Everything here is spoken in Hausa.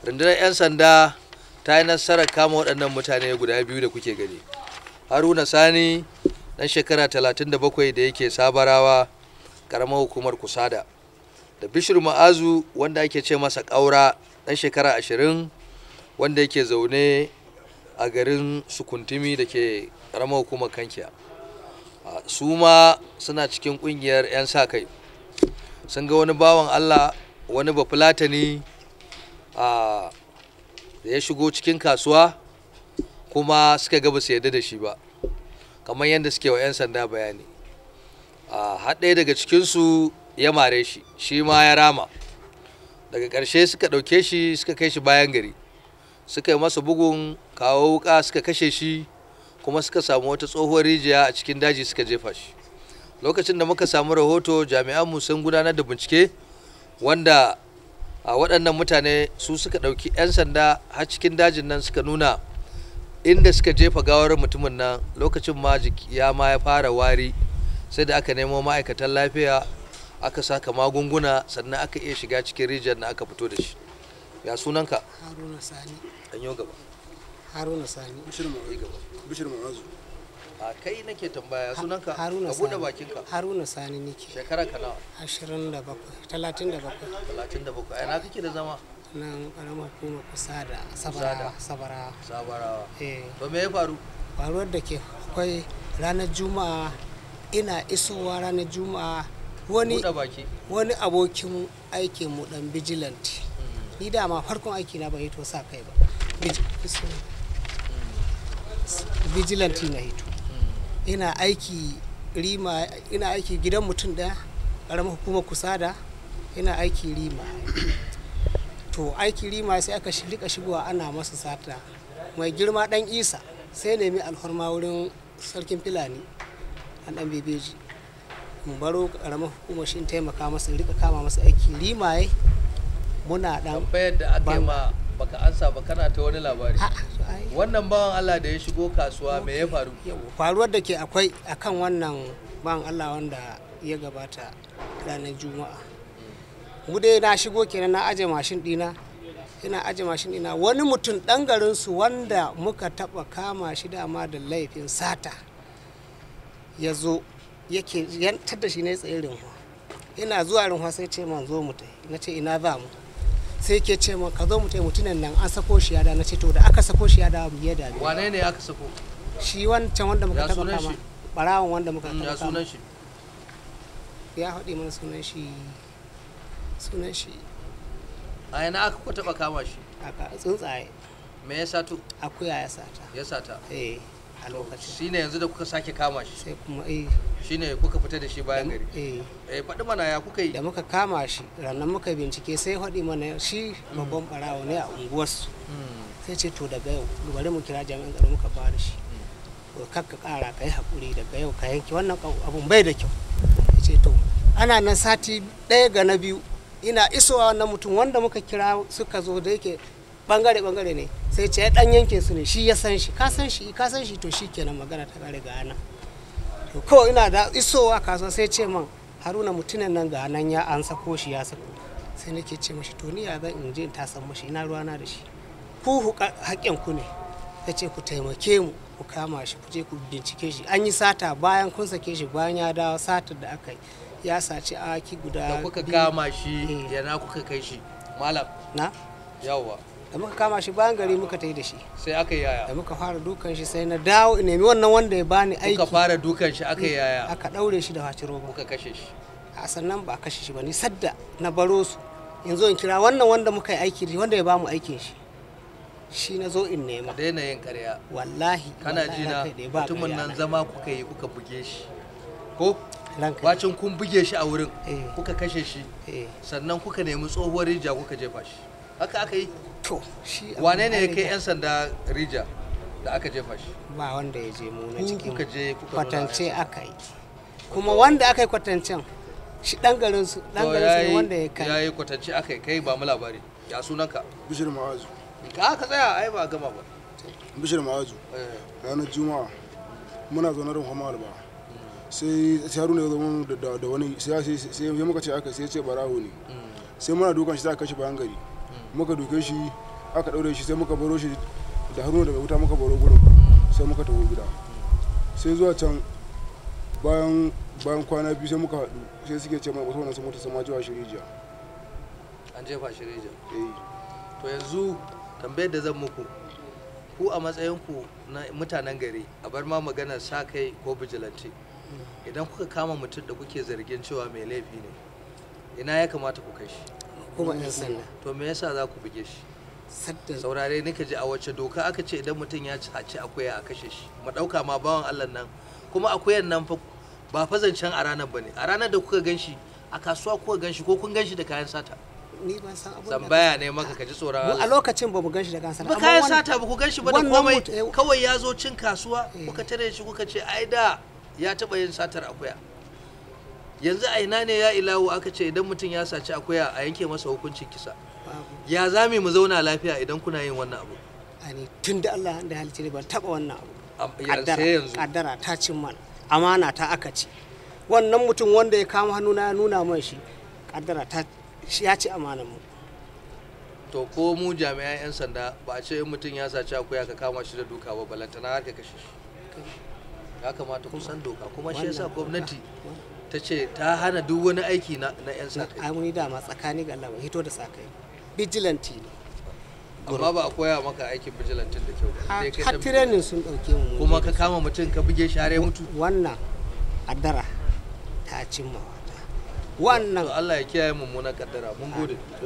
rundunar 'yan sanda ta yi nasarar kama waɗannan mutane guda biyu da kuke gani haruna sani ɗan shekara 37 da yake sabarawa ƙaramar hukumar kusada da bishir ma'azu wanda ake ce masa ƙaura ɗan shekara 20 wanda yake zaune a garin sukuntumi da ke ƙaramar hukumar kankiya su ma suna cikin ƙungiyar 'yan sa kai sun ga wani bawan allah wani bafulatani da ya shigo cikin kasuwa kuma suka ga ba su yarda da shi ba kamar yadda suke wa 'yan sanda bayani har ɗaya daga cikinsu ya mare shi shi ma ya rama daga ƙarshe suka ɗauke shi suka kai shi bayan gari suka yi masa bugun kawo wuka suka kashe shi kuma suka samu wata tsohuwar rijiya a cikin daji suka jefa shi lokacin da muka samu rahoto jami'an mu sun gudanar da bincike wanda a waɗannan mutane su suka ɗauki 'yan sanda har cikin dajin nan suka nuna inda suka jefa gawar mutumin nan lokacin ma ya ma ya fara wari sai da aka nemo ma'aikatan lafiya aka saka magunguna sannan aka iya shiga cikin rijiyar na aka fito da shi ya sunanka haruna sani ɗanyo gaba haruna sani bishir ma'azu a kai nake tambaya sunanka haruna sani bakinka haruna sani nake shekara ka nawa 27 37 37 ina kake da zama nan karamar hukumar kusa da sabara sabara sabara eh to me ya faru faruwar da ke akwai ranar juma'a ina isowa ranar juma'a wani wani abokin aikin mu dan vigilante hmm. ni dama farkon aiki na bai hito sa kai ba hmm. vigilante na hito ina aiki rima ina aiki gidan mutum da ƙaramin hukumar da ina aiki rima to aiki rima sai aka rika shigowa ana masa sata mai girma dan isa sai nemi alhorma wurin sarkin filani a dan bebeji mu baro ƙaramin hukumar shi taimaka masa rika kama masa aiki rimaye muna dan bayar da aka yi ma baka ansa ba kana ta wani labari wannan bawan Allah da ya shigo kasuwa me ya faru faruwar da ke akwai akan wannan bawan Allah wanda ya gabata ranar juma'a mu na shigo kenan na aje mashin dina ina aje mashin dina wani mutum dan garin su wanda muka taba kama shi dama da laifin sata ya zo yake yantar da shi ne tsayin rinwa ina zuwa rinwa sai ce man zo mu tai na ce ina za mu sai ke ce ma ka zo mu tai mutunan nan an sako shi ya da na ce to da aka sako shi ya da mu ya da wane ne aka sako shi wancan wanda muka taba kama barawon wanda muka mm, taba kama ya ya haɗe mana sunan shi sunan shi a yana aka ko taba kama shi aka tsuntsaye me ya sato akuya ya sata ya sata eh a lokacin shi. ne yanzu da kuka sake kama shi sai kuma eh shine kuka fita da shi bayan gari eh eh faɗi mana ya kuka yi da muka kama shi ranar muka bincike sai faɗi mana shi babban barawo ne a unguwarsu hmm. sai ce to daga yau bari mu kira jami'an tsaro muka fara shi hmm. to kakka ƙara ka yi hakuri daga yau ka yanke wannan abun bai da kyau ya ce to ana nan sati ɗaya ga na biyu ina isowa wannan mutum wanda muka kira suka zo da yake bangare bangare ne sai ce ɗan yankin su ne shi ya san shi ka san shi ka shi to shi kenan magana ta kare ga nan to ko ina da isowa kasuwa sai ce man haruna mutumin nan ga nan ya an sako shi ya sako sai nake ce mashi to ni ya zan in je in san mashi ina ruwana da shi ku haƙƙin ku ne ta ce ku taimake mu ku kama shi ku je ku bincike shi an yi sata bayan kun sake shi bayan ya dawo satar da aka yi ya saci aki guda da kuka kama shi eh. yana kuka kai shi malam na yawwa da muka kama shi bayan gari muka ta yi da shi sai aka yi yaya da muka fara dukan shi sai na dawo in nemi wannan wanda ya bani aiki muka fara dukan shi aka yi yaya mm, aka daure shi da wace roba muka kashe shi a sannan ba kashe shi ba ni sadda na baro su yanzu in kira wannan wanda muka yi aiki da wanda ya bamu aikin shi shi na zo in nema daina yin karya wallahi kana ji na mutumin nan zama kuka yi kuka buge shi ko bacin kun buge shi a wurin eh. kuka kashe shi eh. sannan kuka nemi tsohuwar rija kuka jefa shi haka aka yi to shi wane ne ya kai yan sanda rija da aka jefa shi ba wanda ya je mu na cikin kwatance aka yi kuma wanda aka yi kwatancen shi dan garin su dan garin su wanda ya kai yayi kwatance aka yi kai ba mu labari ya sunanka bishir mawazu ka ka tsaya ai ba gama ba bishir mawazu eh. ranar juma'a muna zaune rin hamal ba sai sai haruna ya zo da wani sai sai ya muka ce aka sai ya ce barawo ne mm. sai muna dukan shi za ka kashe bayan gari muka duke shi aka ɗaure shi sai muka baro shi da haruna da wuta muka baro gurin sai muka taho gida sai zuwa can bayan bayan kwana biyu sai muka haɗu sai suke ce mai wasu wani sun mutu sun shirija an jefa shirija rijiya eh. to yanzu tambayar da zan muku ku a matsayinku na mutanen gari a bar ma magana sa kai ko bijilanci idan kuka kama mutum da kuke zargin cewa mai laifi ne ina ya kamata ku kai shi kuma yan sanda to me yasa za ku buge shi saurare nika ji a wace doka aka ce idan mutum ya ci akuya a kashe shi mu dauka ma bawan Allah nan kuma akuyan nan fa ba fa can a ranar bane a ranar da kuka ganshi a kasuwa kuka ganshi ko kun ganshi da kayan sata ni ban san abin zambaya ne maka ji tsoron Allah a lokacin ba mu ganshi da kayan sata ba kayan sata ba ku ganshi ba da komai eh, kawai ya zo cin kasuwa eh. kuka tare shi kuka ce ai da ya taba yin satar akuya yanzu a ina ne ya ilawo aka ce idan mutum ya saci akuya a yanke masa hukuncin kisa ya zame mu zauna lafiya idan kuna yin wannan abu ani tun da Allah da halitta ne ban taba wannan abu kaddara ta cin mana amana ta aka ci wannan mutum wanda ya kama hannuna ya nuna man shi kaddara ta ya ci amanan mu to ko mu jami'an 'yan sanda ba a ce in mutum ya saci akuya ka kama shi da duka ba balantana har ka kashe shi ya kamata kusan doka kuma shi yasa gwamnati ta ce ta hana duk wani aiki na 'yan sakai amuni dama tsakani ga Allah hito da sakai vigilante ne amma ba a koya maka aikin bijilantin da kyau har training sun dauke mu kuma ka kama mutum ka buge share mutu wannan addara ta cimma wata wannan Allah ya kiyaye mummunan kaddara mun gode